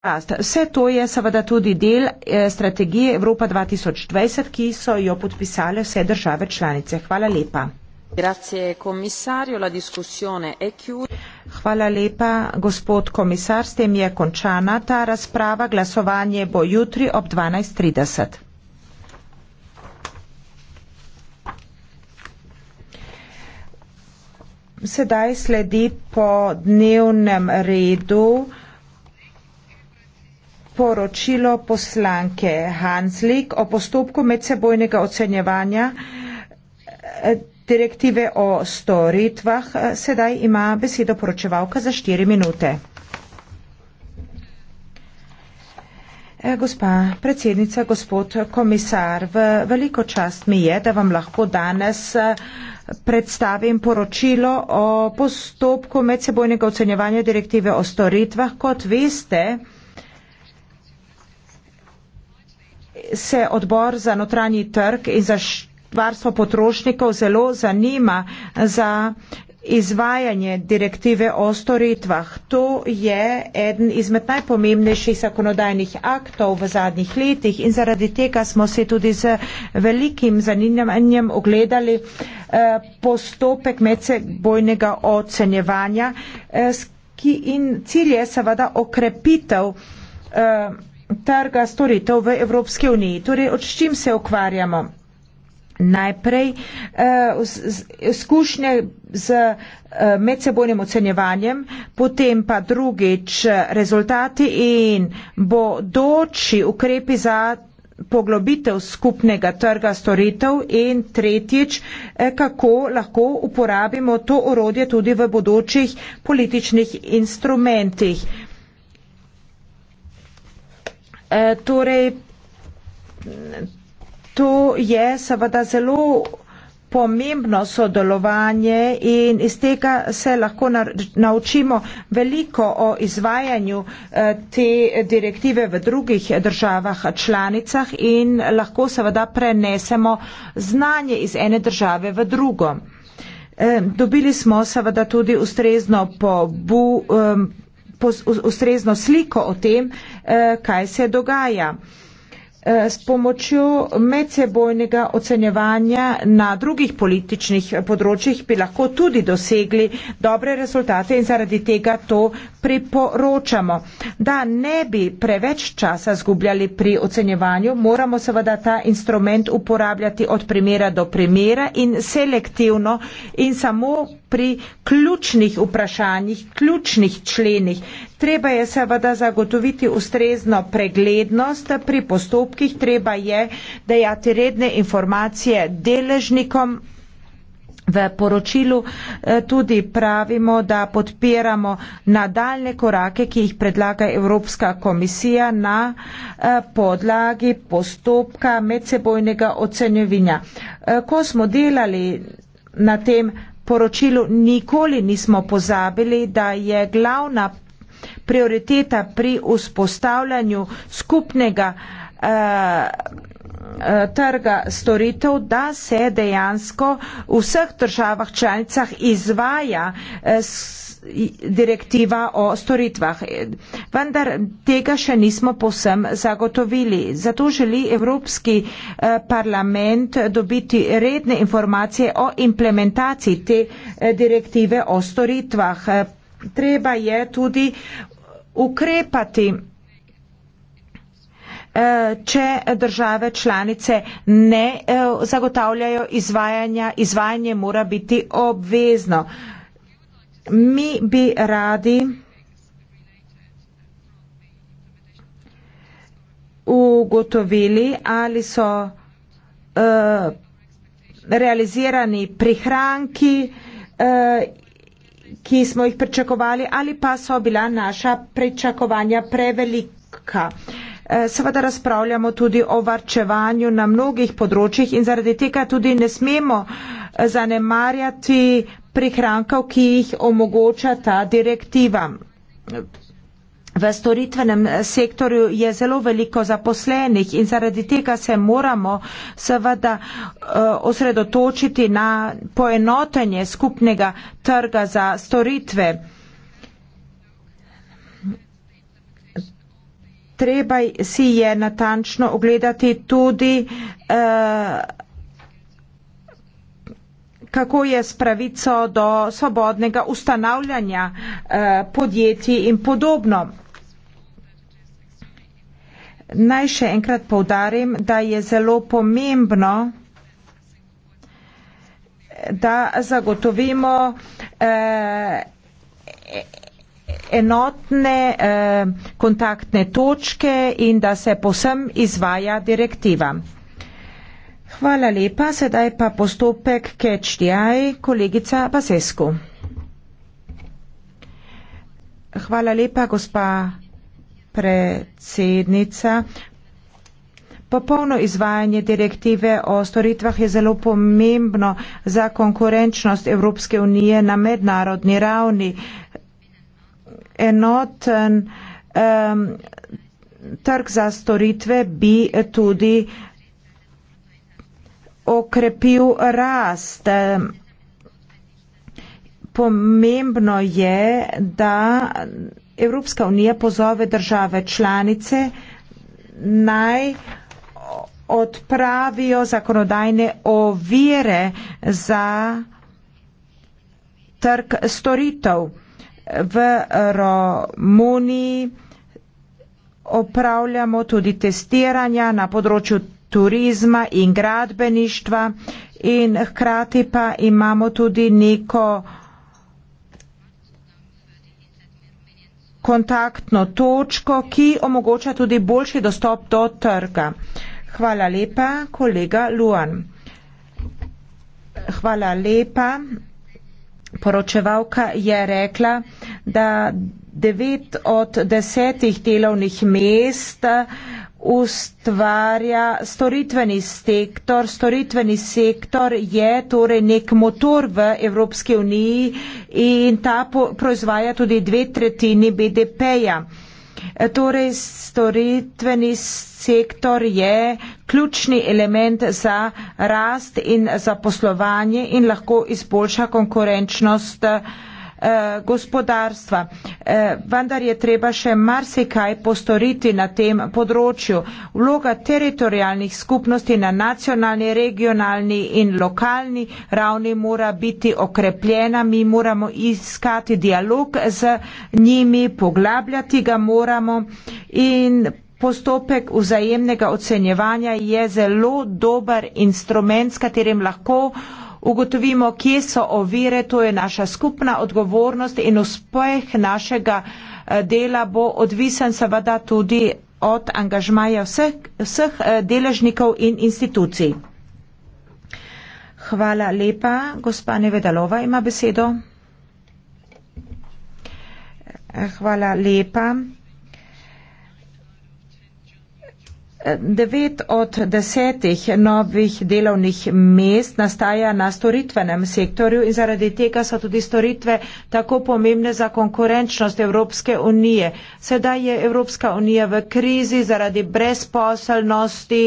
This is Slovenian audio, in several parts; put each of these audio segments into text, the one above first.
rast. Vse to je seveda tudi del eh, strategije Evropa 2020, ki so jo podpisale vse države članice. Hvala lepa. Hvala lepa, gospod komisar. S tem je končana ta razprava. Glasovanje bo jutri ob 12.30. Sedaj sledi po dnevnem redu poročilo poslanke Hanslik o postopku medsebojnega ocenjevanja eh, direktive o storitvah. Sedaj ima besedo poročevalka za štiri minute. Eh, gospa predsednica, gospod komisar, veliko čast mi je, da vam lahko danes eh, predstavim poročilo o postopku medsebojnega ocenjevanja direktive o storitvah. Kot veste, se odbor za notranji trg in za varstvo potrošnikov zelo zanima za izvajanje direktive o storitvah. To je eden izmed najpomembnejših zakonodajnih aktov v zadnjih letih in zaradi tega smo se tudi z velikim zanimanjem ogledali eh, postopek medsebojnega ocenjevanja, eh, ki in cilj je seveda okrepitev eh, trga storitev v Evropski uniji. Torej, od čim se ukvarjamo? Najprej eh, izkušnje z eh, medsebojnim ocenjevanjem, potem pa drugič eh, rezultati in bodoči ukrepi za poglobitev skupnega trga storitev in tretjič, kako lahko uporabimo to orodje tudi v bodočih političnih instrumentih. Eh, torej, to je seveda zelo pomembno sodelovanje in iz tega se lahko naučimo veliko o izvajanju eh, te direktive v drugih državah članicah in lahko seveda prenesemo znanje iz ene države v drugo. Eh, dobili smo seveda tudi ustrezno pobu, ustrezno sliko o tem, eh, kaj se dogaja. Eh, s pomočjo medsebojnega ocenjevanja na drugih političnih eh, področjih bi lahko tudi dosegli dobre rezultate in zaradi tega to priporočamo. Da ne bi preveč časa zgubljali pri ocenjevanju, moramo seveda ta instrument uporabljati od primera do primera in selektivno in samo pri ključnih vprašanjih, ključnih členih. Treba je seveda zagotoviti ustrezno preglednost pri postopkih, treba je dejati redne informacije deležnikom. V poročilu eh, tudi pravimo, da podpiramo nadaljne korake, ki jih predlaga Evropska komisija na eh, podlagi postopka medsebojnega ocenjevanja. Eh, ko smo delali na tem poročilu nikoli nismo pozabili, da je glavna prioriteta pri vzpostavljanju skupnega eh, eh, trga storitev, da se dejansko v vseh državah članicah izvaja eh, direktiva o storitvah. Vendar tega še nismo posem zagotovili. Zato želi Evropski eh, parlament dobiti redne informacije o implementaciji te eh, direktive o storitvah. Eh, treba je tudi ukrepati če države članice ne zagotavljajo izvajanja, izvajanje mora biti obvezno mi bi radi ugotovili, ali so uh, realizirani prihranki, uh, ki smo jih pričakovali, ali pa so bila naša pričakovanja prevelika. Eh, seveda razpravljamo tudi o varčevanju na mnogih področjih in zaradi tega tudi ne smemo zanemarjati prihrankov, ki jih omogoča ta direktiva. V storitvenem sektorju je zelo veliko zaposlenih in zaradi tega se moramo seveda eh, osredotočiti na poenotenje skupnega trga za storitve. Treba si je natančno ogledati tudi eh, kako je s pravico do svobodnega ustanavljanja eh, podjetij in podobno. Naj še enkrat povdarim, da je zelo pomembno, da zagotovimo eh, enotne eh, kontaktne točke in da se posem izvaja direktiva. Hvala lepa. Sedaj pa postopek Kečdjaj, kolegica Basescu. Hvala lepa, gospa predsednica. Popolno izvajanje direktive o storitvah je zelo pomembno za konkurenčnost Evropske unije na mednarodni ravni. Enoten um, trg za storitve bi tudi uh, okrepil rast. Pomembno je, da Evropska unija pozove države članice naj odpravijo zakonodajne ovire za trg storitev. V Romuniji opravljamo tudi testiranja na področju turizma in gradbeništva in hkrati pa imamo tudi neko kontaktno točko, ki omogoča tudi boljši dostop do trga. Hvala lepa, kolega Luan. Hvala lepa. Poročevalka je rekla, da devet od desetih delovnih mest uh, ustvarja storitveni sektor. Storitveni sektor je torej nek motor v Evropski uniji in ta proizvaja tudi dve tretjini BDP-ja. Torej, storitveni sektor je ključni element za rast in za poslovanje in lahko izboljša konkurenčnost uh, Eh, gospodarstva. Eh, vendar je treba še marsikaj postoriti na tem področju. Vloga teritorijalnih skupnosti na nacionalni, regionalni in lokalni ravni mora biti okrepljena. Mi moramo iskati dialog z njimi, poglabljati ga moramo in Postopek vzajemnega ocenjevanja je zelo dober instrument, s katerim lahko uh, ugotovimo, kje so ovire, to je naša skupna odgovornost in uspeh našega eh, dela bo odvisen seveda tudi od angažmaja vseh, vseh eh, deležnikov in institucij. Hvala lepa. Gospa Nevedalova ima besedo. Eh, hvala lepa. Devet od desetih novih delovnih mest nastaja na storitvenem sektorju in zaradi tega so tudi storitve tako pomembne za konkurenčnost Evropske unije. Sedaj je Evropska unija v krizi zaradi brezposelnosti,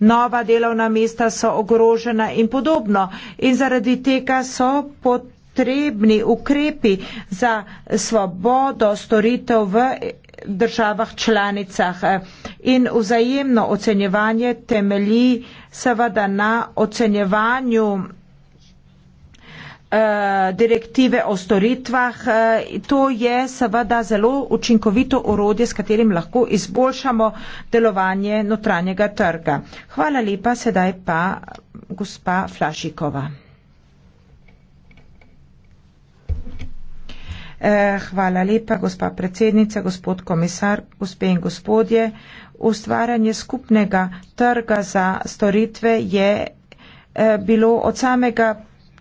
nova delovna mesta so ogrožena in podobno. In zaradi tega so potrebni ukrepi za svobodo storitev v državah članicah in vzajemno ocenjevanje temelji seveda na ocenjevanju eh, direktive o storitvah. Eh, to je seveda zelo učinkovito urodje, s katerim lahko izboljšamo delovanje notranjega trga. Hvala lepa, sedaj pa gospa Flašikova. Eh, hvala lepa, gospa predsednica, gospod komisar, gospe in gospodje. Ustvarjanje skupnega trga za storitve je eh, bilo od samega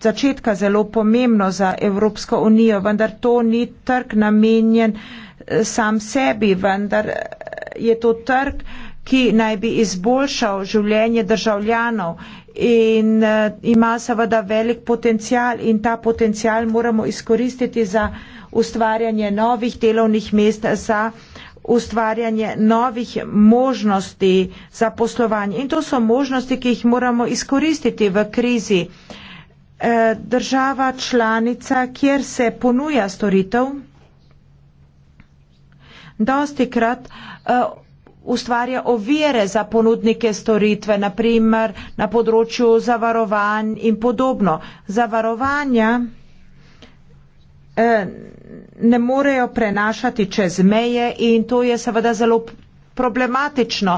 začetka zelo pomembno za Evropsko unijo, vendar to ni trg namenjen eh, sam sebi, vendar je to trg, ki naj bi izboljšal življenje državljanov in eh, ima seveda velik potencial in ta potencial moramo izkoristiti za ustvarjanje novih delovnih mest, za ustvarjanje novih možnosti za poslovanje. In to so možnosti, ki jih moramo izkoristiti v krizi. Eh, država članica, kjer se ponuja storitev, dosti krat Eh, ustvarja ovire za ponudnike storitve, naprimer na področju zavarovanj in podobno. Zavarovanja eh, ne morejo prenašati čez meje in to je seveda zelo problematično,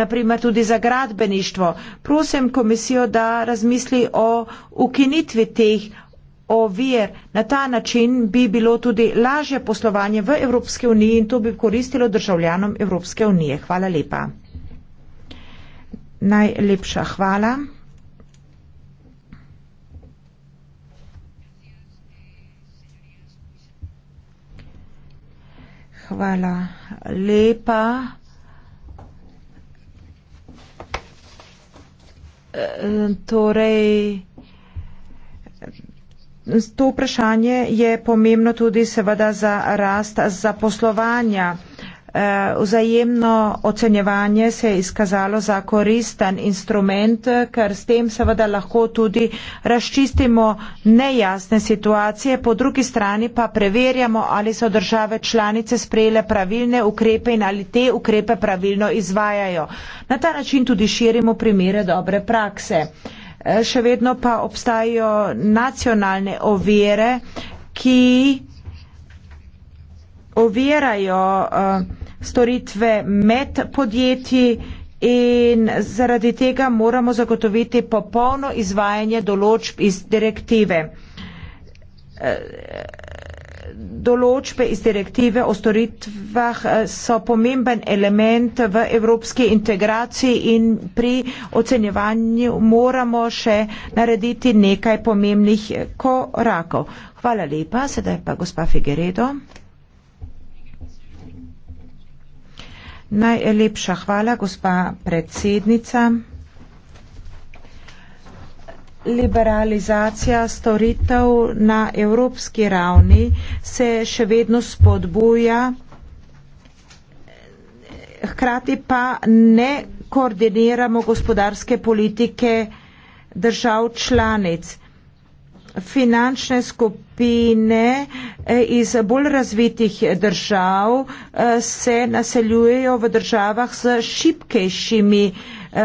naprimer tudi za gradbeništvo. Prosim komisijo, da razmisli o ukinitvi teh ovir. Na ta način bi bilo tudi lažje poslovanje v Evropske uniji in to bi koristilo državljanom Evropske unije. Hvala lepa. Najlepša hvala. Hvala lepa. E, torej, to vprašanje je pomembno tudi seveda za rast zaposlovanja. Eh, vzajemno ocenjevanje se je izkazalo za koristen instrument, ker s tem seveda lahko tudi razčistimo nejasne situacije, po drugi strani pa preverjamo, ali so države članice sprejele pravilne ukrepe in ali te ukrepe pravilno izvajajo. Na ta način tudi širimo primere dobre prakse. Eh, še vedno pa obstajajo nacionalne ovire, ki ovirajo eh, storitve med podjetji in zaradi tega moramo zagotoviti popolno izvajanje določb iz direktive. Eh, določbe iz direktive o storitvah eh, so pomemben element v evropski integraciji in pri ocenjevanju moramo še narediti nekaj pomembnih korakov. Hvala lepa, sedaj pa gospa Figueredo. Najlepša hvala, gospa predsednica liberalizacija storitev na evropski ravni se še vedno spodbuja, hkrati pa ne koordiniramo gospodarske politike držav članic. Finančne skupine eh, iz bolj razvitih držav eh, se naseljujejo v državah s šipkejšimi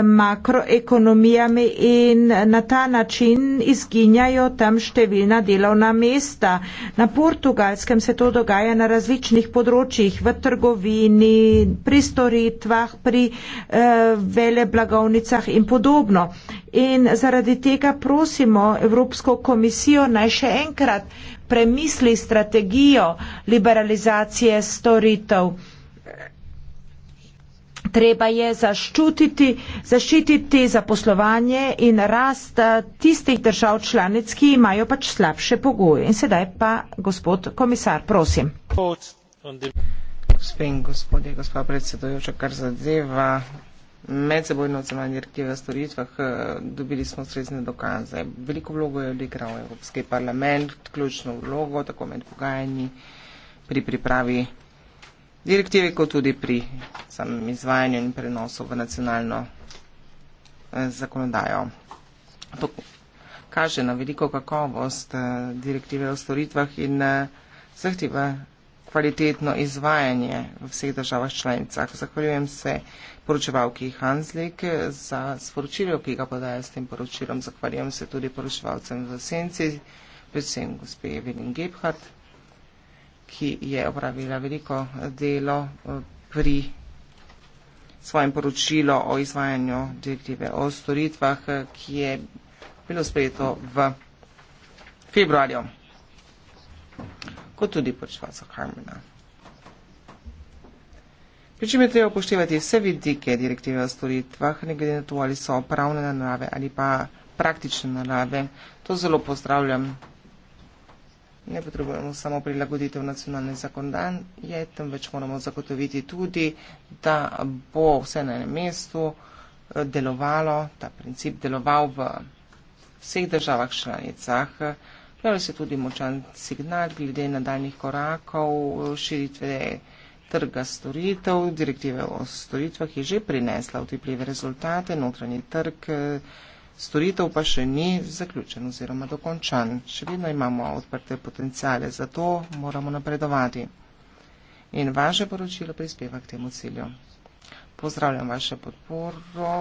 makroekonomijami in na ta način izginjajo tam številna delovna mesta. Na portugalskem se to dogaja na različnih področjih, v trgovini, pri storitvah, pri eh, veleblagovnicah in podobno. In zaradi tega prosimo Evropsko komisijo naj še enkrat premisli strategijo liberalizacije storitev treba je zaščititi, zaščititi zaposlovanje in rast eh, tistih držav članic, ki imajo pač slabše pogoje. In sedaj pa gospod komisar, prosim. Gospe in gospodje, gospa predsedojoča, kar zadeva medsebojno ocenjevanje direktive v storitvah, eh, dobili smo srednje dokaze. Veliko vlogo je odigral Evropski parlament, ključno vlogo, tako med pogajanji pri pripravi direktivi, kot tudi pri samem izvajanju in prenosu v nacionalno eh, zakonodajo. To kaže na veliko kakovost eh, direktive o storitvah in eh, zahteva kvalitetno izvajanje v vseh državah članicah. Zahvaljujem se poročevalki Hanslik za sporočilo, ki ga podaja s tem poročilom. Zahvaljujem se tudi poročevalcem v Senci, predvsem gospe Evelin Gebhardt ki je opravila veliko eh, delo eh, pri svojem poročilu o izvajanju direktive o storitvah, eh, ki je bilo sprejeto v februarju, kot tudi poročevalca Karmena. Pričem je treba upoštevati vse vidike direktive o storitvah, ne glede na to, ali so pravne narave ali pa praktične narave. To zelo pozdravljam ne potrebujemo samo prilagoditev nacionalne zakonodaje, temveč moramo zagotoviti tudi, da bo vse na enem mestu eh, delovalo, ta princip deloval v vseh državah članicah. Pojavlja se tudi močan signal glede nadaljnih korakov eh, širitve trga storitev. Direktive o storitvah je že prinesla vtipljive rezultate, notranji trg. Eh, storitev pa še ni zaključen oziroma dokončan. Še vedno imamo odprte potencijale, zato moramo napredovati. In vaše poročilo prispeva k temu cilju. Pozdravljam vaše podporo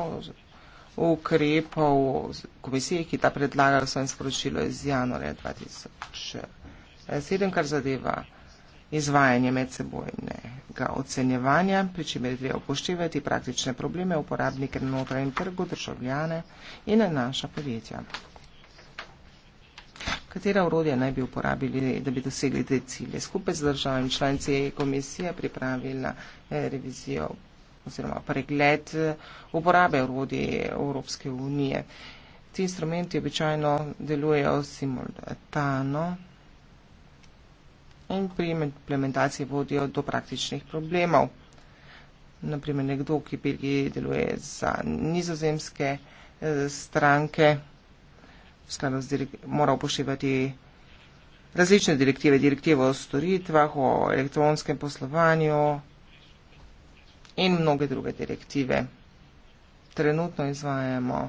ukrepov komisije, ki ta predlagala svoje sporočilo iz januarja 2007, kar zadeva izvajanje medsebojnega ocenjevanja, pri čemer treba upoštevati praktične probleme uporabnike na notranjem trgu, državljane in na naša podjetja. Katera urodja naj bi uporabili, da bi dosegli te cilje? Skupaj z državami članice je komisija pripravila eh, revizijo oziroma pregled eh, uporabe urodje Evropske unije. Ti instrumenti običajno delujejo simultano in pri implementaciji vodijo do praktičnih problemov. Naprimer, nekdo, ki bilgi deluje za nizozemske eh, stranke, mora upoštevati različne direktive, direktive o storitvah, o elektronskem poslovanju in mnoge druge direktive. Trenutno izvajamo.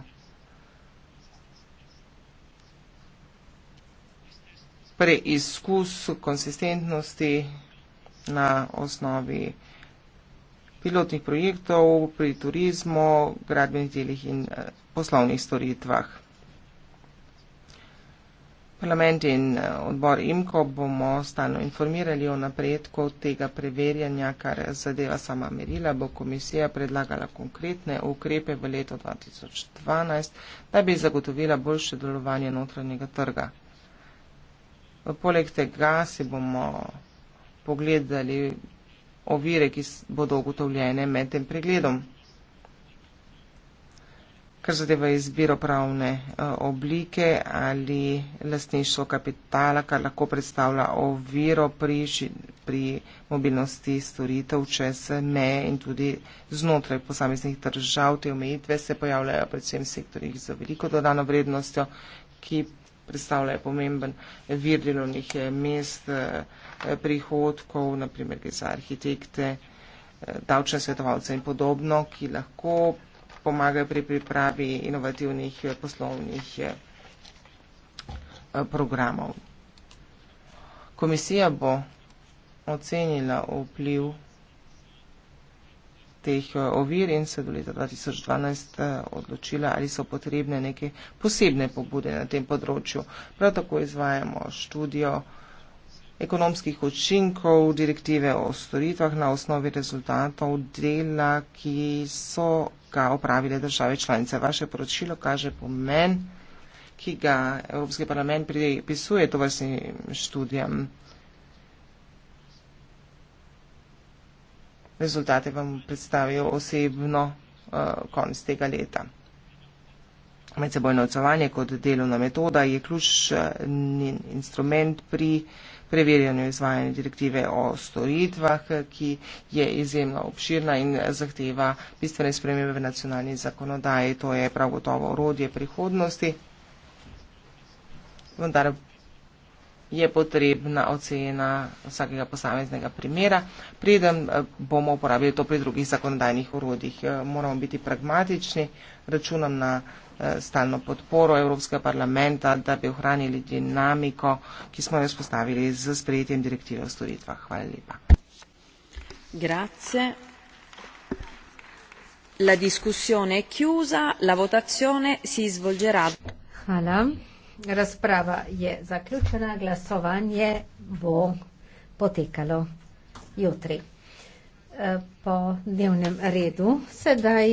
preizkus konsistentnosti na osnovi pilotnih projektov pri turizmu, gradbenih delih in eh, poslovnih storitvah. Parlament in eh, odbor IMKO bomo stano informirali o napredku tega preverjanja, kar zadeva sama merila, bo komisija predlagala konkretne ukrepe v letu 2012, da bi zagotovila boljše delovanje notranjega trga. Poleg tega si bomo pogledali ovire, ki bodo ugotovljene med tem pregledom. Kar zadeva izbiro pravne eh, oblike ali lastništvo kapitala, kar lahko predstavlja oviro pri, pri mobilnosti storitev čez meje in tudi znotraj posameznih držav. Te omejitve se pojavljajo predvsem v sektorjih z veliko dodano vrednostjo, ki predstavljajo pomemben vir delovnih eh, mest, eh, eh, prihodkov, naprimer gre za arhitekte, davčne svetovalce in podobno, ki lahko pomagajo pri pripravi inovativnih poslovnih programov. Komisija bo ocenila vpliv teh eh, ovir in se do leta 2012 eh, odločila, ali so potrebne neke posebne pobude na tem področju. Prav tako izvajamo študijo ekonomskih učinkov direktive o storitvah na osnovi rezultatov dela, ki so ga opravile države članice. Vaše poročilo kaže pomen, ki ga Evropski parlament pripisuje to vrstnim študijam. rezultate vam predstavijo osebno uh, konec tega leta. Medsebojno ocovanje kot delovna metoda je ključni instrument pri preverjanju izvajanja direktive o storitvah, ki je izjemno obširna in zahteva bistvene spremembe v nacionalni zakonodaji. To je prav gotovo orodje prihodnosti. Vendar je potrebna ocena vsakega posameznega primera. Preden eh, bomo uporabili to pri drugih zakonodajnih urodjih, eh, moramo biti pragmatični, računam na eh, stalno podporo Evropskega parlamenta, da bi ohranili dinamiko, ki smo jo spostavili z sprejetjem direktive o storitvah. Hvala lepa. Grazie. La discussione è chiusa, la votazione si svolgerà. Hvala razprava je zaključena, glasovanje bo potekalo jutri. Eh, po dnevnem redu sedaj.